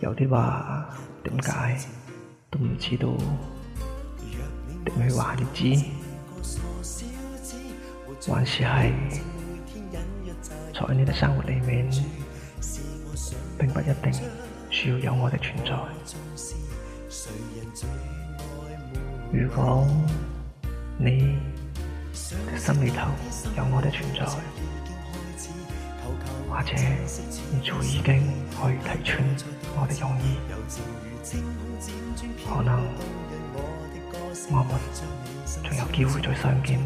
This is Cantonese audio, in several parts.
有啲話點解都唔知道，定係話你知還是係坐喺你的生活裏面，並不一定需要有我的存在。如果你的心裏頭有我的存在，或者你早已經可以睇穿我的用意，可能我們仲有機會再相見，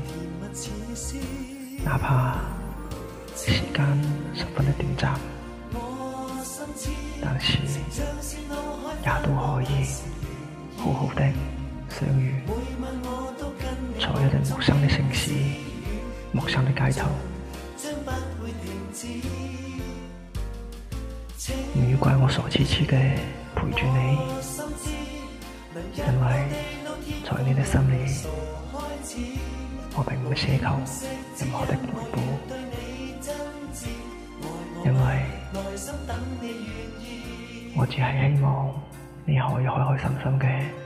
哪怕時間十分的短暫，但是也都可以好好的。相遇，在一個陌生的城市、陌生的街頭，唔要怪我傻癡癡地陪住你，因為，在你的心裡，我並唔會奢求任何的回報，因為，我只係希望你可以開開心心嘅。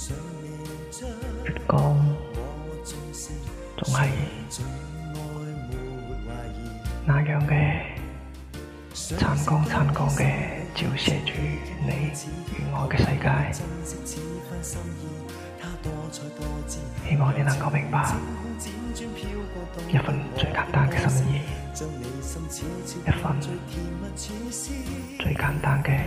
月光，總係那樣嘅，燦光燦光嘅照射住你與我嘅世界。希望你能夠明白，一份最簡單嘅心意，一份最簡單嘅。